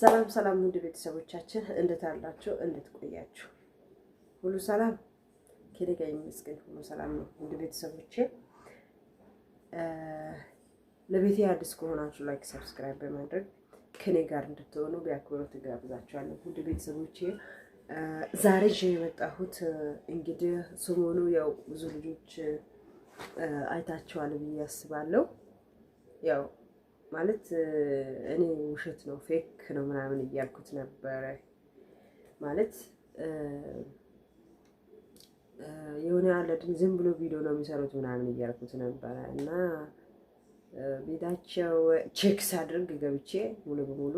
ሰላም ሰላም፣ ውድ ቤተሰቦቻችን እንዴት አላችሁ? እንዴት ቆያችሁ? ሁሉ ሰላም ከኔ ጋር ሁሉ ሰላም ነው። ውድ ቤተሰቦቼ ለቤቴ አዲስ ከሆናችሁ ላይክ፣ ሰብስክራይብ በማድረግ ከኔ ጋር እንድትሆኑ በአክብሮት ጋብዛችኋለሁ። ውድ ቤተሰቦቼ ዛሬ ይዤ የመጣሁት እንግዲህ ሰሞኑ ያው ብዙ ልጆች አይታችኋል ብዬ አስባለሁ ያው ማለት እኔ ውሸት ነው ፌክ ነው ምናምን እያልኩት ነበረ። ማለት የሆነ አለድን ዝም ብሎ ቪዲዮ ነው የሚሰሩት ምናምን እያልኩት ነበረ እና ቤታቸው ቼክስ አድርግ ገብቼ ሙሉ በሙሉ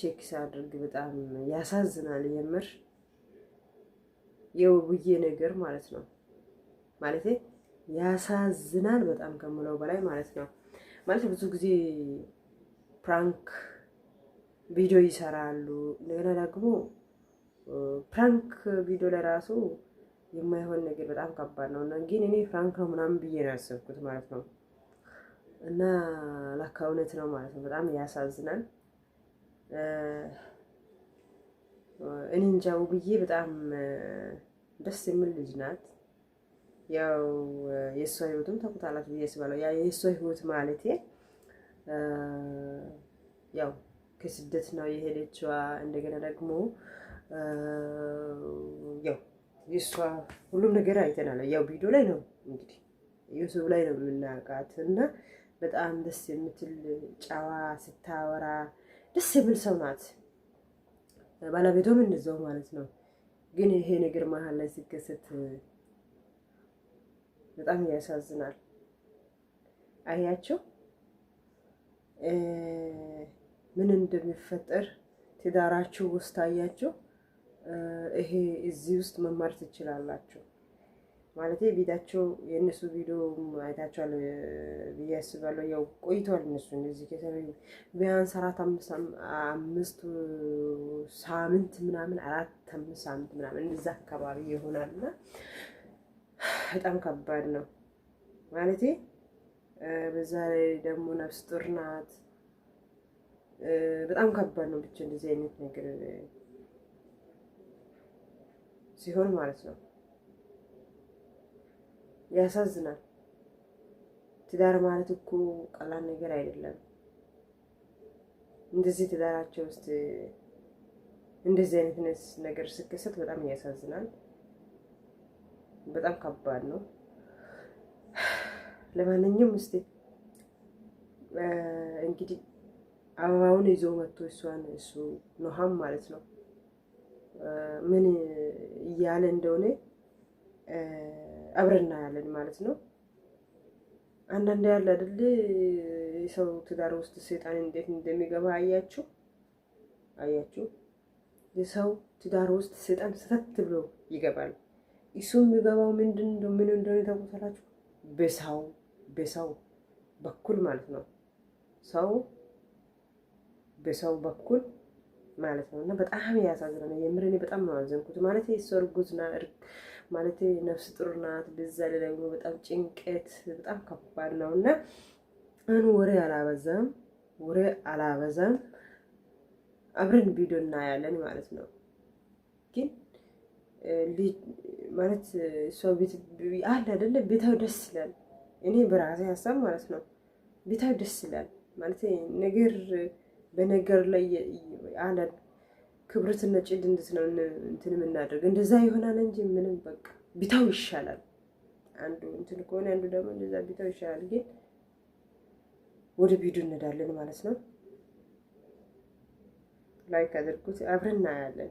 ቼክስ አድርግ። በጣም ያሳዝናል የምር የውብዬ ነገር ማለት ነው። ማለት ያሳዝናል በጣም ከምለው በላይ ማለት ነው። ማለት ብዙ ጊዜ ፕራንክ ቪዲዮ ይሰራሉ። እንደገና ደግሞ ፕራንክ ቪዲዮ ለራሱ የማይሆን ነገር በጣም ከባድ ነው እና ግን እኔ ፍራንክ ነው ምናምን ብዬ ነው ያሰብኩት ማለት ነው። እና ላካ እውነት ነው ማለት ነው። በጣም ያሳዝናል። እኔ እንጃው ብዬ በጣም ደስ የሚል ልጅ ናት። ያው የእሷ ህይወትም ተኩታላት ብዬ ስባለው ያ የእሷ ህይወት ማለቴ ያው ከስደት ነው የሄደችዋ። እንደገና ደግሞ ያው የእሷ ሁሉም ነገር አይተናል። ያው ቪዲዮ ላይ ነው እንግዲህ ዩቱብ ላይ ነው የምናውቃት እና በጣም ደስ የምትል ጨዋ፣ ስታወራ ደስ የሚል ሰው ናት። ባለቤቷም እንደዛው ማለት ነው። ግን ይሄ ነገር መሀል ላይ ሲከሰት በጣም ያሳዝናል። አያቸው ምን እንደሚፈጠር ትዳራችሁ ውስጥ አያችሁ። ይሄ እዚህ ውስጥ መማር ትችላላችሁ ማለት ቪዲያቸው የእነሱ ቪዲዮ አይታችኋል ብዬ አስባለሁ። ያው ቆይተዋል እነሱ እዚህ ከተለዩ ቢያንስ አራት አምስት ሳምንት ምናምን አራት አምስት ሳምንት ምናምን እዛ አካባቢ ይሆናልና በጣም ከባድ ነው ማለት በዛ ላይ ደግሞ ነፍስ ጡር ናት። በጣም ከባድ ነው ብቻ እንደዚህ አይነት ነገር ሲሆን ማለት ነው ያሳዝናል። ትዳር ማለት እኮ ቀላል ነገር አይደለም። እንደዚህ ትዳራቸው ውስጥ እንደዚህ አይነት ነገር ስከሰት በጣም ያሳዝናል። በጣም ከባድ ነው። ለማንኛውም እስቲ እንግዲህ አበባውን ይዞ መጥቶ እሷን እሱ ኖሃም ማለት ነው ምን እያለ እንደሆነ አብረና ያለን ማለት ነው። አንዳንድ ያለ አይደል የሰው ትዳር ውስጥ ሰይጣን እንዴት እንደሚገባ አያችሁ አያችሁ። የሰው ትዳር ውስጥ ሰይጣን ሰተት ብሎ ይገባል። እሱ የሚገባው ምንድን ምን እንደሆነ ተቆሰላችሁ በሰው በሰው በኩል ማለት ነው። ሰው በሰው በኩል ማለት ነው። እና በጣም ያሳዝናል። የምር እኔ በጣም ነው አዘንኩት። ማለት እሷ እርጉዝ ናት፣ ማለት ነፍስ ጡር ናት። በዛ ላይ ደግሞ በጣም ጭንቀት፣ በጣም ከባድ ነው። እና አሁን ወሬ አላበዛም፣ ወሬ አላበዛም። አብረን ቪዲዮ እናያለን ማለት ነው ግን ማለት ሰው ቤት አለ አይደለ? ቤታው ደስ ይላል። እኔ በራሴ ሀሳብ ማለት ነው ቤታው ደስ ይላል ማለት ነገር በነገር ላይ አንዳንድ ክብርትና ጭድ እንዴት ነው እንትን የምናደርግ እንደዛ ይሆናል እንጂ ምንም በቃ ቢታው ይሻላል። አንዱ እንትን ከሆነ አንዱ ደግሞ እንደዛ ቢታው ይሻላል። ግን ወደ ቢዱ እንዳለን ማለት ነው ላይክ አድርጉት፣ አብረን እናያለን።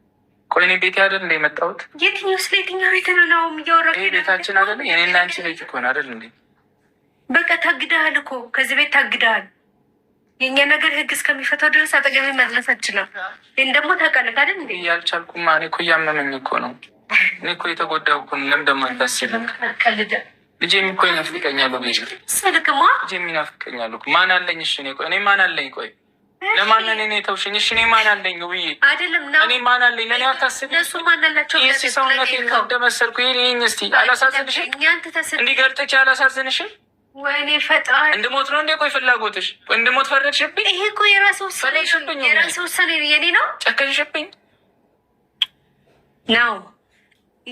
ቆይ እኔ ቤቴ አይደል እንደ የመጣሁት? የትኛው ስለ የትኛው ቤት ነው እያወራሁ? ቤታችን አይደለ? የኔ እና አንቺ ልጅ እኮ ነው አይደል እንዴ? በቃ ታግደሃል እኮ ከዚህ ቤት ታግደሃል። የእኛ ነገር ህግ እስከሚፈታው ድረስ አጠገቤ መድረስ አችላል። ይህን ደግሞ ታውቃለህ አይደል እንዴ? እያልቻልኩማ እኔ እኮ እያመመኝ እኮ ነው። እኔ እኮ የተጎዳሁ እኮ ነው። ለምን ደግሞ አታስብም? ልጄም እኮ ይናፍቀኛል። ልጄም ይናፍቀኛል ማን አለኝ? እሺ እኔ ማን አለኝ? ቆይ ለማንን እኔ ተውሽኝ? እሺ እኔ ማን አለኝ? ውይ አይደለም ና እኔ ማን አለኝ? ለእኔ አታስብ፣ እነሱ ማን አላቸው? ይህ ሰውነት እንደመሰልኩ ይህኝ እስቲ አላሳዝንሽ? እንዲገልጥች አላሳዝንሽ? ወይኔ ፈጣሪ እንድሞት ነው እንዴ? ቆይ ፍላጎትሽ እንድሞት ፈረድሽብኝ? ይሄ እኮ የራስ ውሳኔ የራስ ውሳኔ የኔ ነው። ጨከንሽብኝ ነው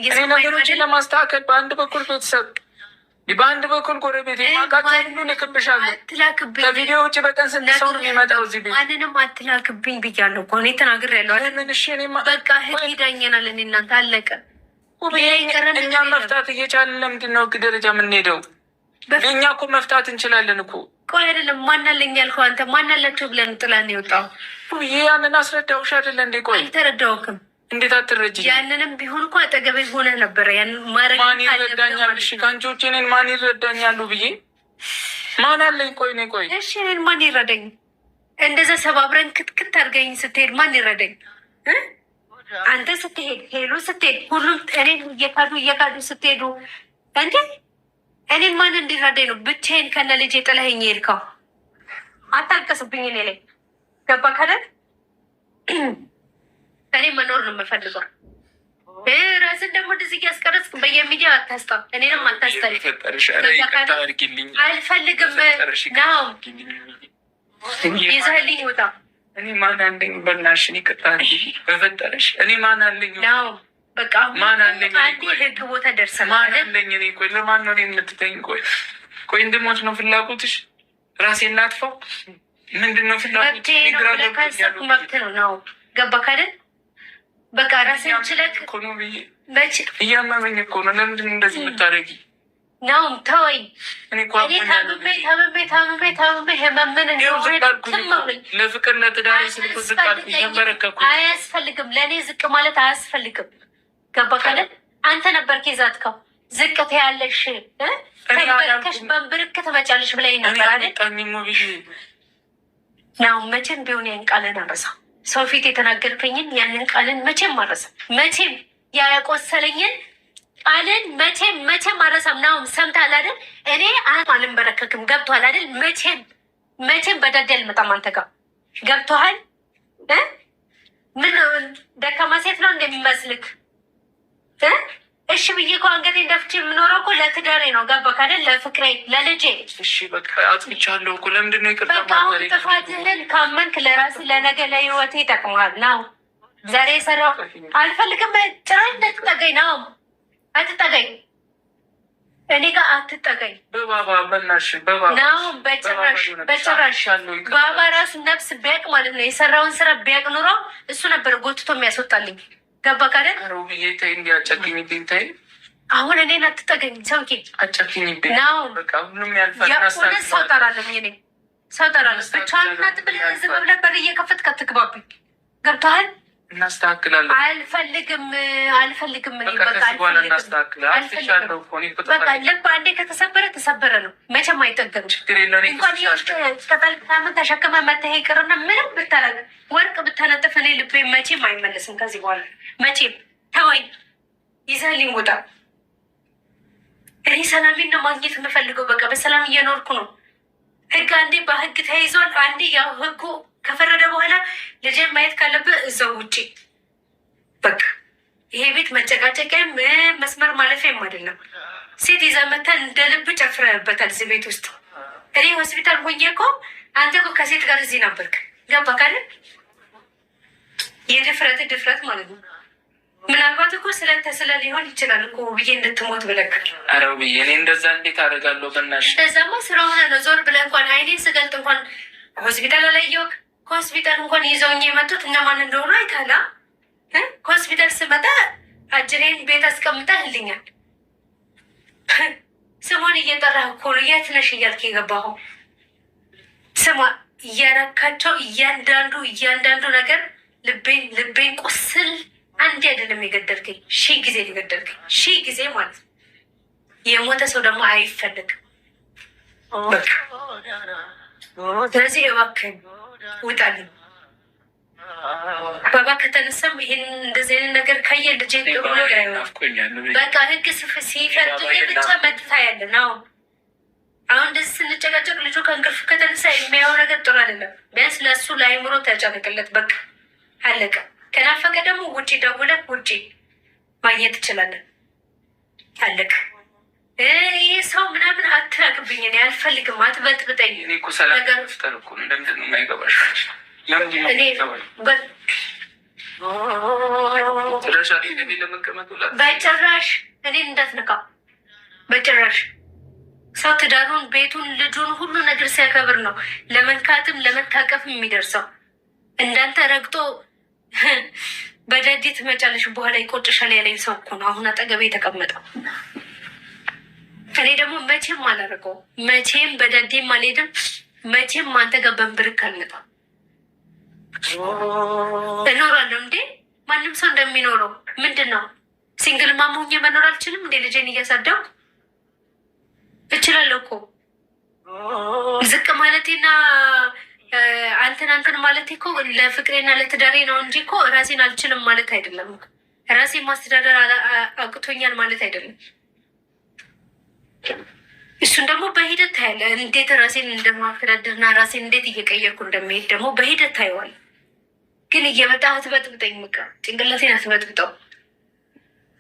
እኔ ነገሮችን ለማስተካከል በአንድ በኩል ቤተሰብ በአንድ በኩል ጎረቤት የማቃቸውን ሁሉ ልክብሻለሁ። ከቪዲዮ ውጭ በቀን ስንት ሰው ነው የሚመጣው እዚህ ቤት? ማንንም አትላክብኝ ብያለሁ እኮ እኔ ተናግሬያለሁ። በቃ ህግ ይዳኘናል። እኔ እናንተ አለቀ። እኛ መፍታት እየቻልን ለምንድን ነው ህግ ደረጃ የምንሄደው? እኛ እኮ መፍታት እንችላለን እኮ። ቆይ አይደለም ማናለኝ ያልከው አንተ ማናላቸው ብለን ጥላን የወጣው ይህ ያንን አስረዳውሽ አይደለ እንዴ? ቆይ አልተረዳውክም እንዴት አትረጅ? ያንንም ቢሆን እኮ አጠገቤ ሆነ ነበረ። ያን ማድረግ ማን ይረዳኛል? እሺ ከአንቺዎች እኔን ማን ይረዳኛሉ ብዬ ማን አለኝ? ቆይ እኔ ቆይ እሺ እኔን ማን ይረዳኝ? እንደዛ ሰባብረን ክትክት አድርገኝ ስትሄድ ማን ይረዳኝ? አንተ ስትሄድ፣ ሄሎ ስትሄድ፣ ሁሉም እኔን እየካዱ እየካዱ ስትሄዱ እንዴ እኔን ማን እንዲረዳኝ ነው? ብቻዬን ከነ ልጄ ጥለኸኝ ሄድከው። አታልቀስብኝ እኔ ላይ ገባ ከደል ከኔ መኖር ነው የምፈልገው። ራስን ደግሞ እንደዚህ እያስቀረጽክ በየሚዲያ አታስጣ፣ እኔንም አታስጣ። አልፈልግም ነው ይዘህልኝ ውጣ። እኔ ማን አለኝ? በናሽን ይቅጣል በፈጠረሽ። እኔ ማን አለኝ ነው በቃ ማን አለኝ? አንዴ ህግ ቦታ ደርሰናል። ማን አለኝ? እኔ ቆይ ለማን ነው የምትተኝ? ቆይ ቆይ እንድሞት ነው ፍላጎትሽ? ራሴን ላጥፋው ምንድን ነው ፍላጎት? መብት ነው። ገባ ካደል በቃ ራስን ችለክ ኢኮኖሚ እያመመኝ እኮ ነው። ለምንድን እንደዚህ የምታደርጊ ነው? ተወኝ። ታምሜ ታምሜ ታምሜ ታምሜ ህመምን ለፍቅር ለትዳር ስልኩ አያስፈልግም። ለእኔ ዝቅ ማለት አያስፈልግም። ገባ አንተ ነበር ኬዛትከው ዝቅ ትያለሽ ተንበርከሽ በንብርክ ትመጫለሽ ብለኝ ነበር አይደል? ነው መቼም ቢሆን ያን ቃልን አረሳው ሰው ፊት የተናገርከኝን ያንን ቃልን መቼም አረሳም። መቼም ያቆሰለኝን ቃልን መቼም መቼም አረሳም። ናሁም ሰምተሃል አይደል? እኔ አልንበረከክም። ገብቶሃል አይደል? መቼም መቼም በደል አልመጣም አንተ ጋር ገብቶሃል። ምን ደካማ ሴት ነው እንደሚመስልክ እሺ ብዬ እኮ አንገቴ እንደፍቼ የምኖረው እኮ ለትዳሬ ነው። ገባ አይደል? ለፍቅሬ ለልጄ። እሺ በቃ አጥፍቻለሁ እኮ ለምንድን ነው ይቅርታ? በቃ አሁን ጥፋትህን ካመንክ ለራስ ለነገ ለህይወቴ ይጠቅማል። ናው ዛሬ የሰራው አልፈልግም። ጭራሽ እንዳትጠጋኝ ነው። አትጠገኝ፣ እኔ ጋር አትጠገኝ። በባባ በናሽ በባባ ነው። በጭራሽ በጭራሽ። ባባ ራሱ ነፍስ ቢያቅ ማለት ነው የሰራውን ስራ ቢያቅ ኑሮ እሱ ነበር ጎትቶ የሚያስወጣልኝ። ገባ ካደ ሩብዬ ተይ እንዲ አጨኪኝብኝ ተይ አሁን እኔን አትጠገኝ ሰው ኪ አጨኪኝብኝ ሁሉም ያልፋልሁለት ሰው ጠራለሁ እኔ ሰው ጠራለሁ ብቻዋን እናት ብለን ዝም ብለን በር እየከፈትክ እናስተካክላለን አልፈልግም አልፈልግም ልብ አንዴ ከተሰበረ ተሰበረ ነው መቼም አይጠገምም እንኳን ከጠልቃምን ተሸክመ ምንም ብታረግ ወርቅ ብታነጥፍ እኔ ልቤ መቼም አይመለስም ከዚህ በኋላ መቼም ተወኝ፣ ይዘህልኝ ውጣ። እኔ ሰላሜን ነው ማግኘት የምፈልገው። በቃ በሰላም እየኖርኩ ነው። ህግ አንዴ በህግ ተይዟል። አንዴ ያው ህጉ ከፈረደ በኋላ ልጄን ማየት ካለብህ እዛው ውጪ። በቃ ይሄ ቤት መጨቃጨቂያም መስመር ማለፊያም አይደለም። ሴት ይዛ መታ እንደ ልብ ጨፍረበታል። እዚህ ቤት ውስጥ። እኔ ሆስፒታል ሆኜ እኮ አንተ እኮ ከሴት ጋር እዚህ ነበርክ። ገባ ካለ የድፍረት ድፍረት ማለት ነው። ምናልባት እኮ ስለተስለ ሊሆን ይችላል እኮ ውብዬ እንድትሞት ብለክ። ኧረ ውብዬ እኔ እንደዛ እንዴት አደርጋለሁ? በእናትሽ እንደዛማ ስለሆነ ነው። ዞር ብለህ እንኳን ኃይሌን ስገልጥ እንኳን ሆስፒታል አላየሁም። ከሆስፒታል እንኳን ይዘውኝ የመጡት እነማን እንደሆኑ አይታላ። ከሆስፒታል ስመጣ አጅሬን ቤት አስቀምጠህልኛል። ስሙን እየጠራህ እኮ ነው የት ነሽ እያልክ የገባኸው። ስማ እያረካቸው እያንዳንዱ እያንዳንዱ ነገር ልቤን ልቤን ቁስል አንድ አይደለም የገደልከኝ፣ ሺ ጊዜ የገደልከኝ፣ ሺ ጊዜ ማለት ነው። የሞተ ሰው ደግሞ አይፈልግም። ስለዚህ እባክህን ውጣልኝ። ባባ ከተነሳም ይህን እንደዚህ አይነት ነገር ካየ ልጅ በቃ ህግ ስፍ ሲፈርድ ብቻ መጥታ ያለ ነው። አሁን እንደዚህ ስንጨቃጨቅ ልጁ ከእንቅልፍ ከተነሳ የሚያየው ነገር ጥሩ አይደለም። ቢያንስ ለእሱ ለአይምሮ ተጨነቅለት። በቃ አለቀ። ከናፈቀ ደግሞ ውጪ ደውለን ውጪ ማግኘት ትችላለን። አለቅ ይህ ሰው ምናምን አትናቅብኝ፣ እኔ አልፈልግም፣ አትበጥብጠኝ። በጭራሽ እኔን እንዳትነካ፣ በጭራሽ ሰው ትዳሩን፣ ቤቱን፣ ልጁን ሁሉ ነገር ሲያከብር ነው ለመንካትም ለመታቀፍም የሚደርሰው እንዳንተ ረግጦ በዳዴ ትመጫለሽ በኋላ ይቆጭሻል ያለኝ ሰው እኮ ነው አሁን አጠገቤ የተቀመጠው። እኔ ደግሞ መቼም አላደርገው፣ መቼም በዳዴም አልሄድም፣ መቼም አንተ ጋር በንብርክ አልመጣም። እኖራለሁ እንዴ ማንም ሰው እንደሚኖረው ምንድን ነው? ሲንግል ማም መኖር አልችልም እንዴ? ልጄን እያሳደው እችላለሁ እኮ ዝቅ ማለቴና አንተን አንተን ማለት እኮ ለፍቅሬና ለትዳሬ ነው እንጂ እኮ ራሴን አልችልም ማለት አይደለም። ራሴን ማስተዳደር አቅቶኛል ማለት አይደለም። እሱን ደግሞ በሂደት ታያለ። እንዴት ራሴን እንደማስተዳደርና ራሴን እንዴት እየቀየርኩ እንደሚሄድ ደግሞ በሂደት ታየዋል። ግን እየመጣ አትበጥብጠኝ፣ ምቃ ጭንቅላቴን አትበጥብጠው።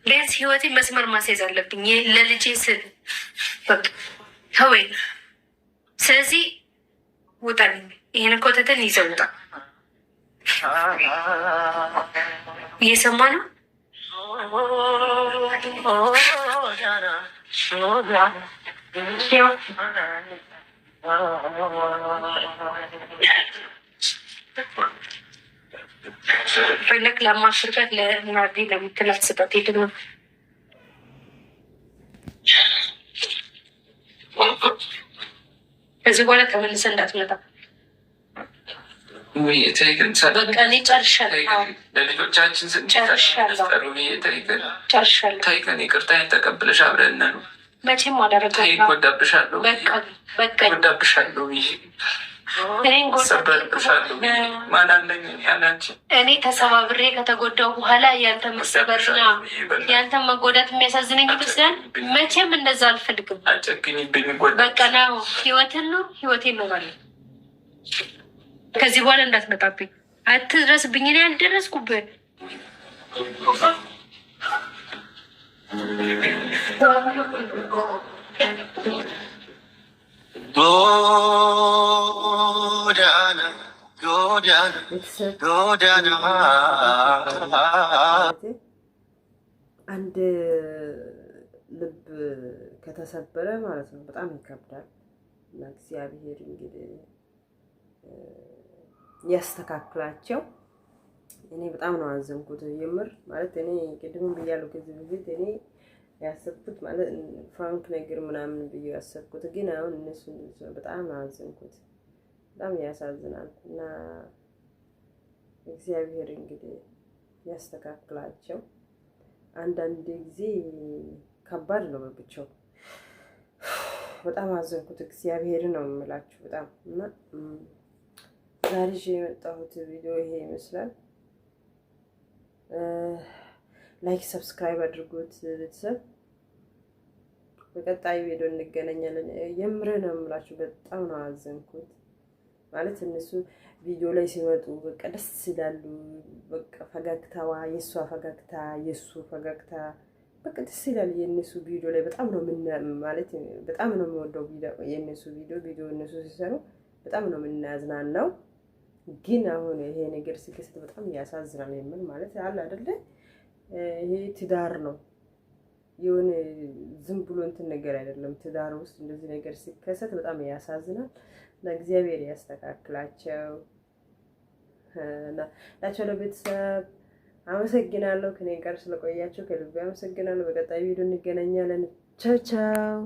ቢያንስ ህይወቴን መስመር ማስያዝ አለብኝ ለልጄ ስል ተወይ። ስለዚህ ውጣልኝ ይህን ኮተትን ይዘው ውጣ። እየሰማ ነው። ፈለግ ለማፍርበት ለናዲ ለምትላት ስጠት ሄድ ነው ከዚህ በኋላ ተመልሰ እንዳትመጣ ለልጆቻችን ስንጨርሻለሁ። ይቅርታ ተቀብለሽ አብረን ነው መቼም አደረጋለሁ። እኔ ተሰባብሬ ከተጎዳው በኋላ ያንተ መሰበርና ያንተ መጎዳት የሚያሳዝነኝ ይመስላል። መቼም እንደዛ አልፈልግም። በቃ ነው ህይወትን ነው ህይወቴን ነው ከዚህ በኋላ እንዳትመጣብኝ። አትድረስብኝ፣ እኔ አልደረስኩብህ። አንድ ልብ ከተሰበረ ማለት ነው። በጣም ይከብዳል። ለእግዚአብሔር እንግዲህ ያስተካክላቸው። እኔ በጣም ነው አዘንኩት። የምር ማለት እኔ ቅድም ብያለሁ ከዚህ በፊት እኔ ያሰብኩት ማለት ፍራንክ ነገር ምናምን ብዬ ያሰብኩት ግን አሁን እነሱ በጣም ነው አዘንኩት። በጣም ያሳዝናል። እና እግዚአብሔር እንግዲህ ያስተካክላቸው። አንዳንድ ጊዜ ከባድ ነው ብቻው። በጣም አዘንኩት። እግዚአብሔር ነው የምላችሁ በጣም እና ዛሬ የመጣሁት ቪዲዮ ይሄ ይመስላል። ላይክ ሰብስክራይብ አድርጉት ቤተሰብ። በቀጣይ ቪዲዮ እንገናኛለን። የምር ነው የምላችሁ፣ በጣም ነው አዘንኩት። ማለት እነሱ ቪዲዮ ላይ ሲመጡ በቃ ደስ ይላሉ። በቃ ፈገግታዋ፣ የእሷ ፈገግታ፣ የእሱ ፈገግታ በቃ ደስ ይላል። የእነሱ ቪዲዮ ላይ በጣም ነው ማለት በጣም ነው የምወደው የእነሱ ቪዲዮ ቪዲዮ እነሱ ሲሰሩ በጣም ነው የምናዝናናው። ግን አሁን ይሄ ነገር ሲከሰት በጣም ያሳዝናል። የምን ማለት አለ አይደለ? ይሄ ትዳር ነው የሆነ ዝም ብሎ እንትን ነገር አይደለም። ትዳር ውስጥ እንደዚህ ነገር ሲከሰት በጣም ያሳዝናል እና እግዚአብሔር ያስተካክላቸው ናቸው። ለቤተሰብ አመሰግናለሁ። ከኔ ጋር ስለቆያቸው ከልቤ አመሰግናለሁ። በቀጣይ ቪዲዮ እንገናኛለን። ቻው ቻው።